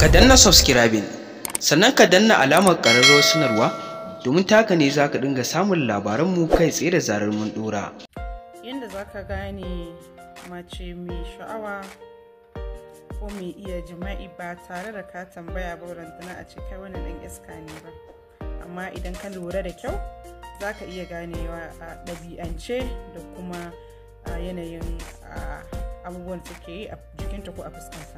ka danna subscribing sannan ka danna alamar ƙararrawar sanarwa domin taka ne za ka dinga samun labaranmu kai tsaye da zarar mun dora yadda za ka gane mace mai sha'awa ko mai iya jima'i ba tare da ka tambaya ba rantana a cikin wani ɗan iska ne ba amma idan ka lura da kyau za ka iya ganewa a ɗabi'ance da kuma yanayin abubuwan suke yi a jikinta ko a fuskanta.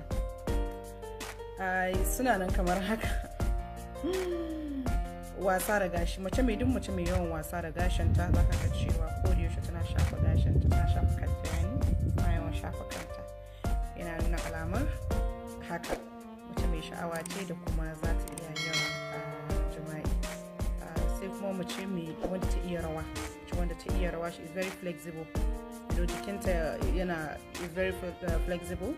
ai suna nan kamar haka hmm. wasa da gashi mace mai duk mace mai yawan wasa da gashin ta za ka cewa ko da yaushe tana shafa gashin ta tana shafa kanta ne tana yawan shafa kanta yana nuna alamar haka mace mai sha'awa ce da kuma za ta iya yawan ah, jima'i ah, sai kuma mace mai wanda ta iya rawa wanda ta iya rawa shi is very flexible jikinta yana is very ah, flexible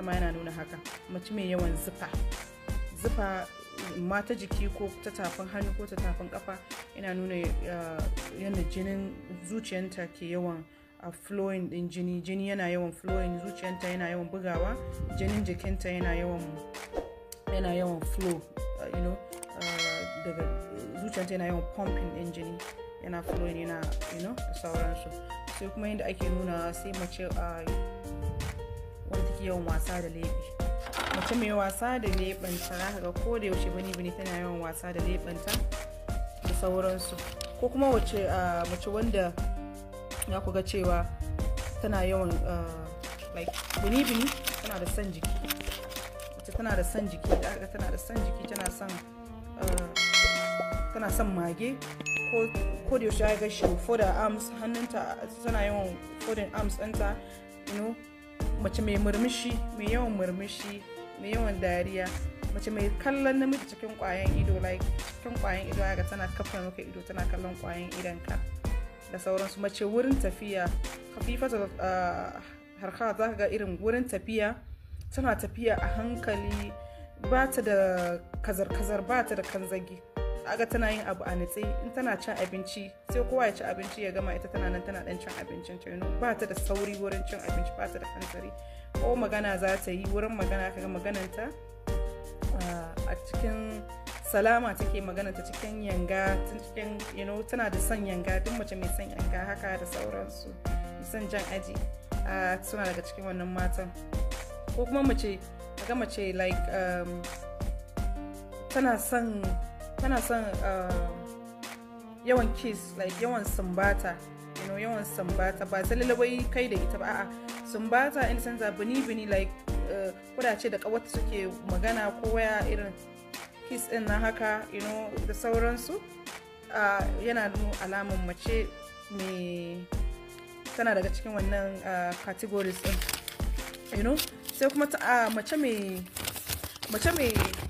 jikinta ma yana nuna haka mace mai yawan zufa zufa mata ta jiki ko ta tafin hannu ko ta tafin kafa yana nuna eh, yadda jinin zuciyanta ke yawan a uh, flowing din jini jini yana yawan flowing zuciyanta yana yawan bugawa jinin jikinta yana yawan yana yawan flow uh, you know uh, daga zuciyanta yana yawan pumping din jini yana flowing yana you know sauransu sai kuma yadda ake nuna sai mace ki yawan wasa da leɓe mace mai wasa da leɓanta za ga ko da yaushe bani bani tana yawan wasa da leɓanta da sauransu ko kuma wace mace wanda ya ku ga cewa tana yawan like bini bini tana da san jiki mace tana da son jiki da aka tana da son jiki tana son tana son mage ko da yaushe ya ga shi da arms hannunta tana yawan fodin arms ɗinta you know mace mai murmushi mai yawan murmushi mai yawan dariya mace mai kallon namiji cikin kwayan ido like cikin kwayan ido ga tana kafa maka ido tana kallon kwayan idonka da sauransu mace wurin tafiya hafifa da uh, harka za ka ga irin wurin tafiya tana tafiya a hankali ba ta da kazar-kazar ba ta da kanzagi Aga tana yin abu a nitse in tana cin abinci sai kowa ya ci abinci ya gama ita tana nan tana dan cin abincin ta yano ba ta da sauri wurin cin abinci ba ta da hankali ko magana za ta yi wurin magana kaga maganar ta ah, a cikin salama take magana ta cikin yanga cikin you know tana da son yanga duk mace mai son yanga haka da sauransu son jan aji suna daga cikin wannan matan ko kuma mace ga mace like um, tana son tana son uh, yawan kiss like yawan sumbata you know yawan sumbata ba sai lalabai kai da ita ba a'a sumbata in sense bini bini like uh, kudace da kawata suke magana ko waya irin kiss din na haka you know da sauransu uh, yana nuna alamun mace mai tana daga cikin wannan categories din you know sai kuma mace mai mace mai